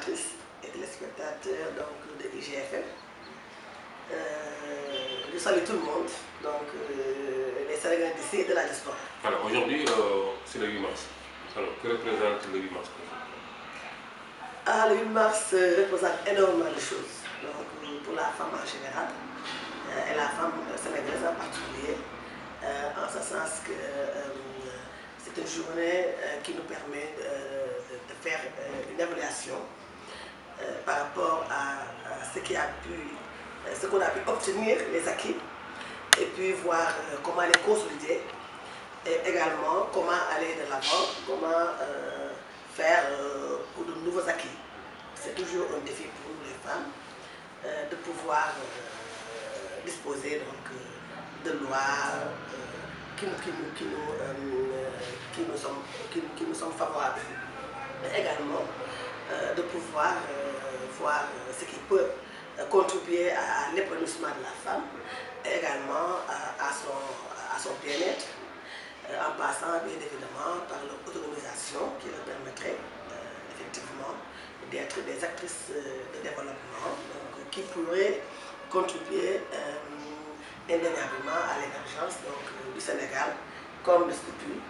et téléspectateurs donc, de IGFM. Euh, je salue tout le monde, donc euh, les Sénégalais d'ici et de la diaspora. Alors aujourd'hui, euh, c'est le 8 mars. Alors, que représente le 8 mars ah, Le 8 mars représente énormément de choses. Donc, pour la femme en général, et la femme sénégalaise en particulier, en ce sens que c'est une journée qui nous permet de faire une évaluation par rapport à, ce qu'on a, euh, qu'on a pu obtenir, les acquis, et puis voir euh, comment les consolider, et également comment aller de l'avant, comment euh, faire de nouveaux acquis. C'est toujours un défi pour les femmes de pouvoir disposer donc, de lois qui, qui, qui, nous, qui, sont, qui, sont favorables. Mais également, euh, de pouvoir euh, voir euh, ce qui peut contribuer à l'épanouissement de la femme, également à, son, à son bien-être, en passant bien évidemment par l'autonomisation qui leur permettrait effectivement d'être des actrices de développement qui pourraient contribuer indéniablement à l'émergence du Sénégal comme le statut,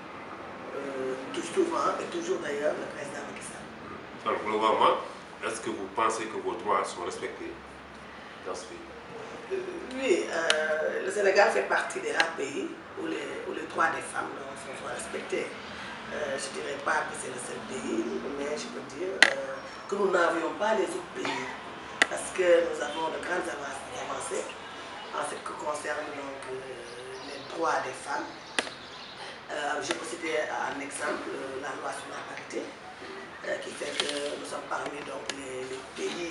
euh, tout souvent et toujours d'ailleurs le président alors, globalement, est-ce que vous pensez que vos droits sont respectés dans ce pays euh, Oui, euh, le Sénégal fait partie des rares pays où les, où droits des femmes sont, respectés. Euh, je ne dirais pas que c'est le seul pays, mais je peux dire que nous n'avions pas les autres pays parce que nous avons de grandes avancées en ce qui concerne les droits des femmes. Euh, je peux un exemple, la loi sur la parité, euh, qui fait que nous sommes parmi donc, les, pays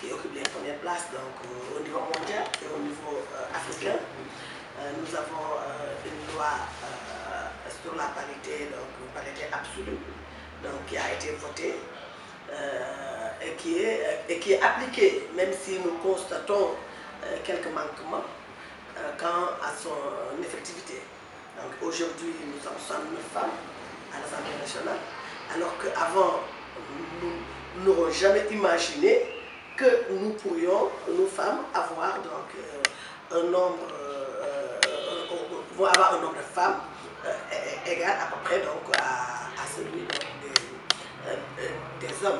qui occupent les premières places donc, euh, au niveau mondial et au niveau euh, africain. nous avons une loi sur la parité, une parité absolue, qui a été votée. et, qui est, et qui est appliquée, même si nous constatons quelques manquements quant à son effectivité. aujourd'hui, nous sommes 109 femmes à l'Assemblée nationale. Alors qu'avant, nous n'aurons jamais imaginé que nous pourrions, nos femmes, avoir donc, euh, un nombre, euh, euh, avoir un nombre de femmes égal à peu près donc, à, celui des, hommes.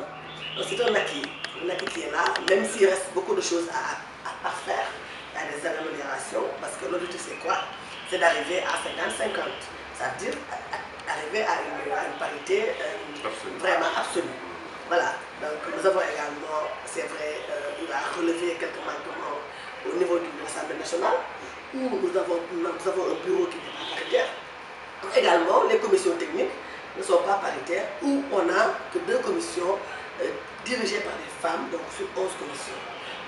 hommes. c'est un acquis, qui est là, même s'il reste beaucoup de choses à, faire, à faire, des améliorations, parce que l'objectif c'est quoi C'est d'arriver à 50-50, ça veut dire arriver à une, parité euh, vraiment absolue. Voilà, donc nous avons également, c'est vrai, euh, il a relevé quelques manquements au niveau de l'Assemblée nationale, où nous avons, un bureau qui n'est pas paritaire. Également, les commissions techniques ne sont pas paritaires, où on n'a que deux commissions euh, dirigées par des femmes, donc sur 11 commissions.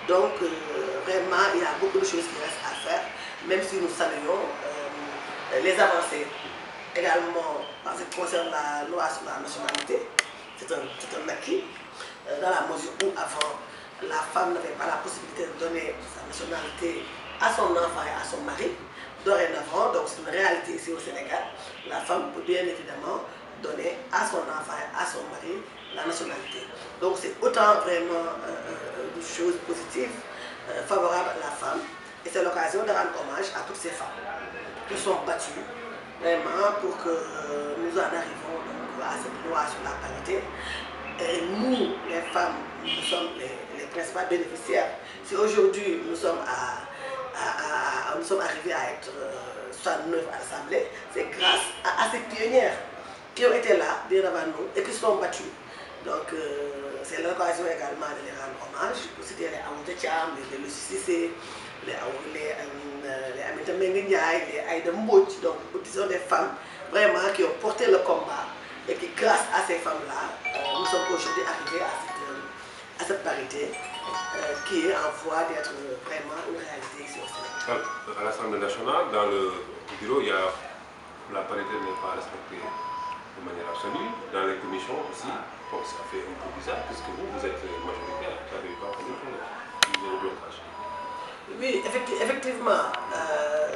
Donc, vraiment, il y a beaucoup de choses qui restent à faire, même si nous saluons les avancées également en ce qui concerne la loi sur la nationalité, c'est un, un, acquis, euh, dans la mesure où avant, la femme n'avait pas la possibilité de donner sa nationalité à son enfant et à son mari. Dorénavant, donc c'est une réalité ici au Sénégal, la femme peut bien évidemment donner à son enfant et à son mari la nationalité. Donc c'est autant vraiment euh, euh, une chose positive, favorable à la femme, et c'est l'occasion de rendre hommage à toutes ces femmes qui sont battues vraiment pour que euh, nous en arrivions à cette loi sur la parité. Et nous, les femmes, nous sommes les, principales bénéficiaires. Si aujourd'hui nous sommes à, à, à, nous sommes arrivés à être 69 euh, assemblées, c'est grâce à, ces pionnières qui ont été là, bien avant nous, et qui se sont battues. Donc, euh, c'est l'occasion également de les rendre hommage. les peux les Aouda les Lucie euh, les, les, les Aïda donc disons des femmes vraiment qui ont porté le combat et qui grâce à ces femmes-là, euh, nous sommes aujourd'hui arrivés à cette, euh, à cette parité qui est en voie d'être vraiment une réalité sur au À l'Assemblée nationale, dans le bureau, il y a la parité n'est pas respectée de manière absolue. Dans les commissions aussi, bon, ça fait un peu bizarre, puisque vous, vous êtes majoritaire, vous n'avez pas fait le blocage. Oui, effectivement. Euh,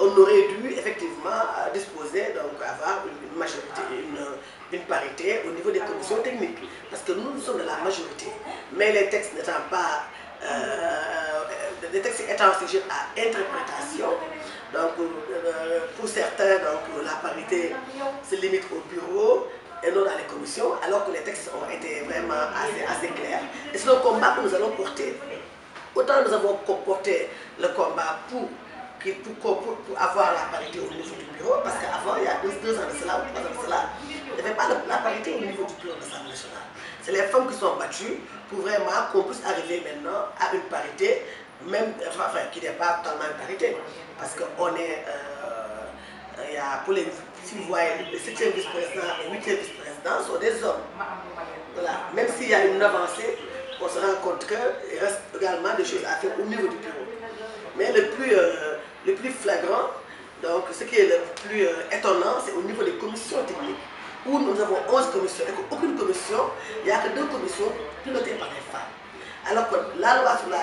on aurait dû effectivement euh, disposer, donc avoir une majorité, une, parité au niveau des commissions techniques. Parce que nous, nous sommes de la majorité. Mais les textes n'étant pas. Euh, euh, euh les textes étant sujets à interprétation, donc, euh, euh, pour certains, donc, euh, la parité se limite au bureau et non à les commissions, alors que les textes ont été vraiment assez, clairs. Et c'est le combat que nous allons porter. Autant nous avons comporté le combat pour, avoir la parité au niveau du bureau, parce qu'avant, il y a deux, ans de cela trois ans de cela, il n'y avait pas la, parité au niveau du bureau de l'Assemblée nationale. C'est les femmes qui sont battues pour vraiment qu'on puisse arriver maintenant à une parité, même enfin, qui n'est pas totalement une parité parce qu'on est. Euh, pour les, si vous voyez, le 7e vice-président et 8e vice-président sont des hommes. Même s'il y a une avancée, on se rend compte qu'il reste également des choses à faire au niveau du bureau. Mais le plus, euh, le plus flagrant, donc ce qui est le plus euh, étonnant, c'est au niveau des commissions techniques, où nous avons 11 commissions, et aucune commission, il n'y a que deux commissions notées par les femmes. Alors que la loi sur la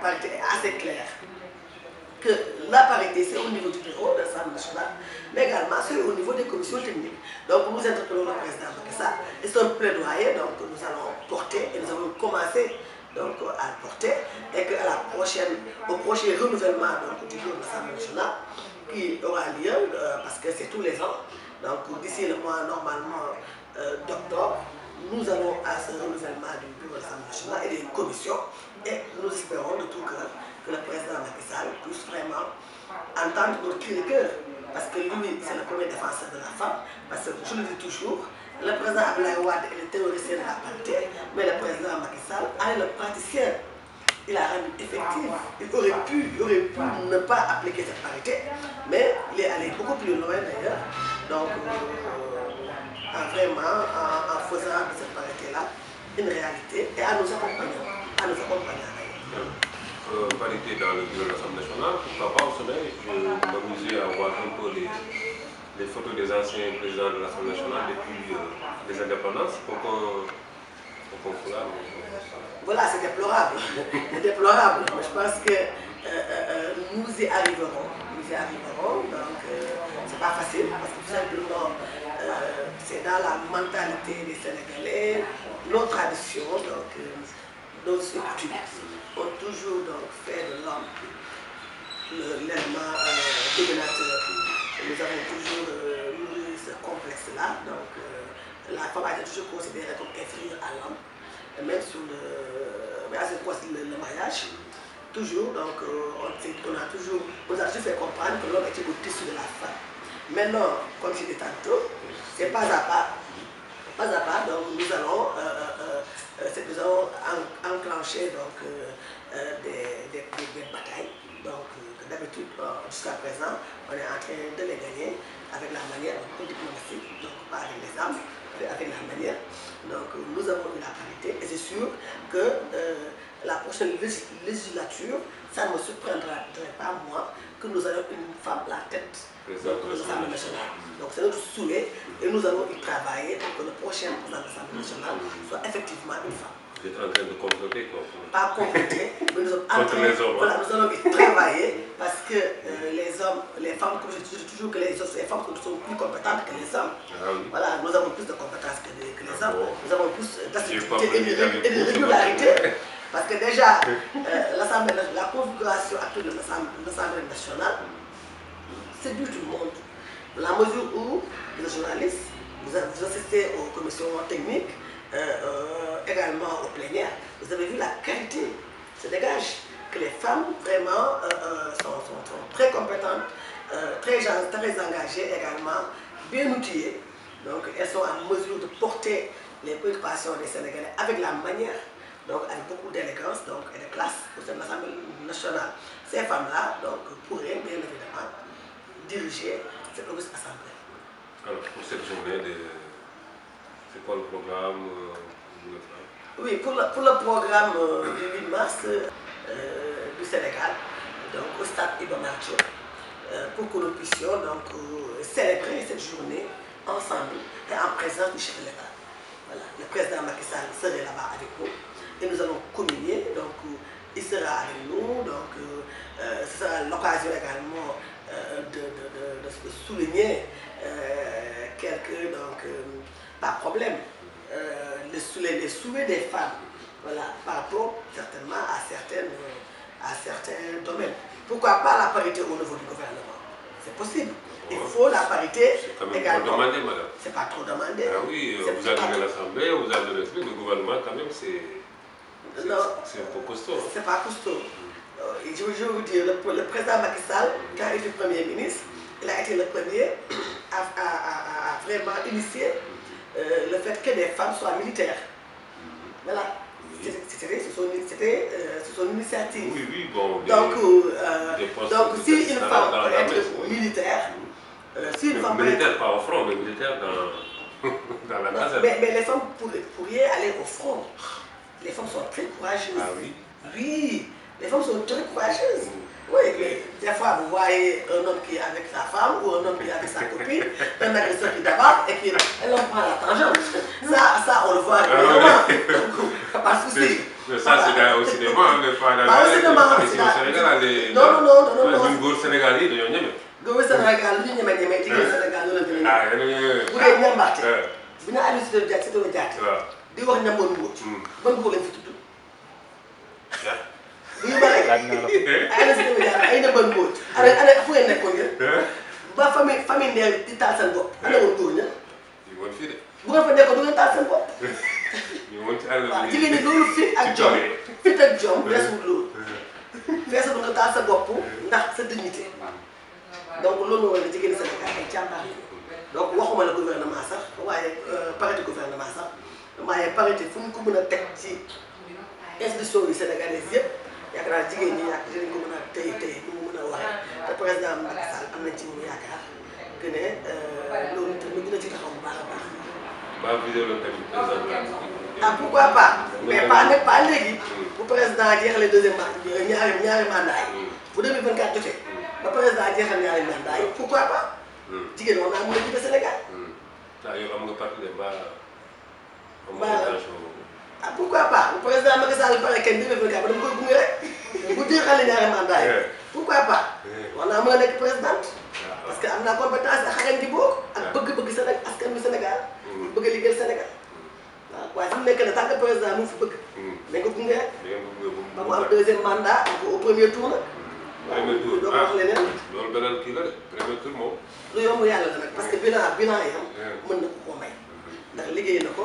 parité est assez claire que la parité, c'est au niveau du bureau de l'Assemblée nationale, mais également c'est au niveau des commissions techniques. Donc nous interpellons le président de ça et son plaidoyer donc, que nous allons porter et nous allons commencé donc, à porter et à la prochaine, au prochain renouvellement du bureau de l'Assemblée nationale qui aura lieu euh, parce que c'est tous les ans. Donc d'ici le mois normalement euh, d'octobre, nous allons à ce renouvellement du bureau de l'Assemblée nationale et des commissions et nous espérons de tout cœur que le président Macky Sall puisse vraiment entendre au cri de cœur. Parce que lui, c'est le premier défenseur de la femme. Parce que je le dis toujours, le président Ablaï Ouad est le théoricien de la parité, mais le président Macky Sall est le praticien. Il a rendu effectif. Il aurait pu, aurait ne pas appliquer cette parité, mais il est allé beaucoup plus loin d'ailleurs. Donc, euh, vraiment, en, faisant de cette parité-là une réalité et à nos accompagnants à nos accompagnants parité euh, dans le bureau de l'Assemblée nationale, pourquoi pas au sommet, je m'amusais à voir un peu les, photos des anciens présidents de l'Assemblée nationale depuis les euh, indépendances pour qu'on voilà, c'est déplorable. C'est déplorable. Je pense que euh, nous y arriverons. Nous y arriverons. Donc, c'est pas facile parce que tout simplement, c'est dans la mentalité des Sénégalais, nos traditions. Donc, ce on ont toujours donc fait de l'homme l'élément euh, dominateur. Nous avons toujours eu ce complexe-là, donc euh, la femme a été toujours considérée comme inférieure à l'homme, même sur le, mais à ce le mariage. Toujours, donc euh, on, a toujours, on a toujours fait comprendre que l'homme était au-dessus de la femme. Maintenant, comme je disais tantôt, c'est pas à pas, pas à pas, donc nous allons euh, euh, nous avons enclenché euh, euh, des, batailles. Donc, d'habitude, jusqu'à présent, on est en train de les gagner avec la manière diplomatique, donc pas avec les armes, mais avec la manière. Donc, nous avons eu la qualité, et c'est sûr que la prochaine législature, ça ne me surprendrait pas, moi, que nous ayons une femme à la tête de l'Assemblée nationale. Donc c'est notre souhait et nous allons y travailler pour que le prochain président de l'Assemblée nationale mm. soit effectivement une femme. Vous êtes en train de comploter quoi Pas comploter, mais nous sommes en train, hein. allons y travailler parce que euh, les hommes, les femmes, comme je dis toujours que les, les femmes sont plus compétentes que les hommes. Ah voilà, nous avons plus de compétences que les, ah hommes, nous avons plus euh, d'assiduité et de régularité. Parce que déjà, euh, la configuration actuelle de l'Assemblée nationale séduit tout le monde. Dans la mesure où les journalistes, vous, assistez aux commissions techniques, euh, euh, également aux plénières, vous avez vu la qualité se dégage, que les femmes vraiment sont, très compétentes, très, très engagées également, bien outillées. Donc elles sont en mesure de porter les préoccupations des Sénégalais avec la manière donc avec beaucoup d'élégance donc, et de classe au sein de l'Assemblée nationale. Ces femmes-là donc, pourraient bien évidemment diriger cette auguste assemblée. Alors pour cette journée, c'est quoi le programme euh, Oui, pour le, pour le programme euh, du 8 mars euh, du Sénégal, donc au stade Iba pour que nous puissions donc, célébrer cette journée ensemble et en présence du chef de l'État. Voilà, le président Macky Sall serait là-bas avec vous nous allons communier. Donc, euh, il sera avec nous. Donc, ça euh, euh, ce l'occasion également de, souligner quelques, donc, pas problème, les, souhaits, des femmes, voilà, par rapport certainement à, certaines, à certains domaines. Pourquoi pas la parité au niveau du gouvernement C'est possible. Il faut la parité C'est pas trop demandé, madame. C'est pas trop demandé. Ah oui, vous avez l'Assemblée, vous avez le gouvernement, quand même, c'est... C'est un peu costaud. C'est pas costaud. Euh, je, veux vous dire, le, président Macky Sall, quand il était Premier ministre, il a été le premier à, à, à, vraiment initier euh, le fait que des femmes soient militaires. Voilà. C'était son, euh, initiative. Oui, oui, bon. donc, donc si une femme peut être militaire, si une femme militaire pas au front, mais militaire dans, dans la base Mais, les femmes pourraient aller au front les femmes sont très courageuses. Ah oui les femmes sont très courageuses. Mm. Oui, des fois vous voyez un homme qui est avec sa femme ou un homme qui est avec sa copine, un agresseur qui débarque et qui l'homme prend la tangente. Mm. Ça, ça on le voit ah Parce que c'est. Mais ça, c'est le cinéma, hein, Pas au cinéma, c'est Non, non, non, non. non. Une il y a Sénégal hein. ah Vous di wax ñam woon wóor. ban góor lañ fi tudd. yu bëri laaj na la ko ay na ban góor ana ana fu ngeen nekkoon ngeen. ba famille famille Ndeer di taal seen bopp ana woon góor ña. ñu woon fii de. bu ngeen fa nekkoon du ngeen taal seen bopp. ñu woon ci àll bi waaw jigéen ñi loolu fit ak jom fit ak jom weesuwul loolu. feesul nga taal sa bopp ndax sa dignité. donc loolu moo waral jigéen Sénégal ay jàmbaar donc waxuma la gouvernement sax waaye euh, parti gouvernement sax. waaye parité fu mu ko mën a teg ci institution yi sénégalaises yëpp yaakaar naa jigéen ñi yàq dinañ ko mën a téye téye nu mu mën a waxee te président Macky Sall am nañ ci mu yaakaar que ne euh, loolu tamit dina ci taxaw bu baax a baax. maa ngi vidéo tamit président ah pourquoi pas mais pas nag pas léegi mm. bu président jeexalee deuxième mandat ñaari ñaari mandat yi mm. bu 2024 jotee ba président jeexal ñaari mandat yi pourquoi pas. Mm. jigéen war naa mën a jiite Sénégal. waaw ah, yow am nga parti de mbaa. voilà ah pourquoi pas le président Macky Sall kenn dina fi gàpp dama koy gunge rek bu dee xale ñaari mandat yi eh. pourquoi pas eh. war naa mën a nekk présidente ah, ah. parce que am naa compétence ak xarañ ak ah. bëgg-bëgg Sénégal askan bi Sénégal mm. bëgg a liggéeyal Sénégal mm. waaw waaye fi mu nekk ne tant que président mu fi bëgg mm. nañ ko gunge rek ba mu am deuxième mandat au premier tour nag premier tour doo ko wax leneen loolu beneen kii la de premier tour moom lu eh. bilan bilan yi am mën na ko koo may mm-hmm. ndax liggéey na ko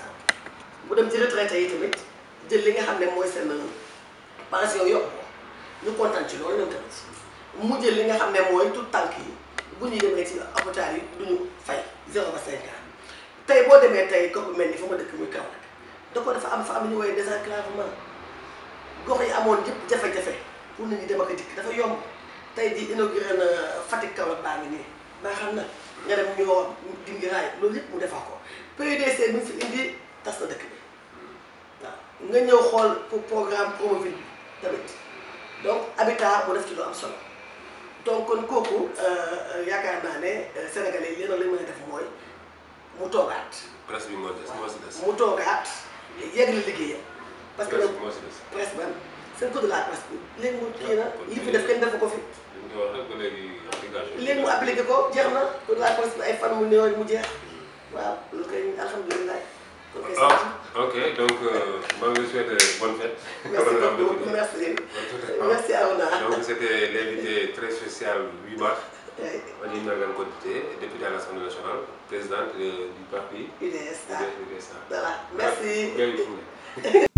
mu dem ci retraité yi tamit jël li nga xam ne mooy seen pension yokk ko ñu kontaan ci loolu ñoom tamit mu jël li nga xam ne mooy tout tànk yi bu ñuy dem ci hôpital yi duñu fay zéro ba cinq ans tey boo demee tey gox bu mel ni fa ma dëkk muy kaw rek da ko dafa am fa am ñu woy désenclavement gox yi amoon yëpp jafe-jafe pour nit ñi dem ak dikk dafa yomb tey ji na Fatick Kaolack baa ngi nii baa xam na nga dem ñoo dingi raay loolu yëpp mu defar ko PUDC mi indi tas na dëkk nga ñëw xool pour programme Promoville bi tamit donc habitat mu def ci lu am solo donc kon kooku euh, yaakaar naa ne euh, sénégalais yi leneen lañ mën a mooy mu toogaat. presse bi moo des moo si des mu toogaat parce que presse ban seen code la presse bi léegi mu kii na li fi def kenn defu ko fi. léegi mu appliqué ko jeex na code de la presse ay fan mu néew mu jeex waaw loolu kay alhamdulilah. Ok, donc euh, moi je vous souhaite euh, bonne fête. Merci beaucoup, merci. Merci à hein. Ona. Donc c'était l'invité très spécial 8 mars. Madame Margan côté, député à l'Assemblée nationale, présidente du parti. UDSA. UDSA. Voilà, merci. Bien,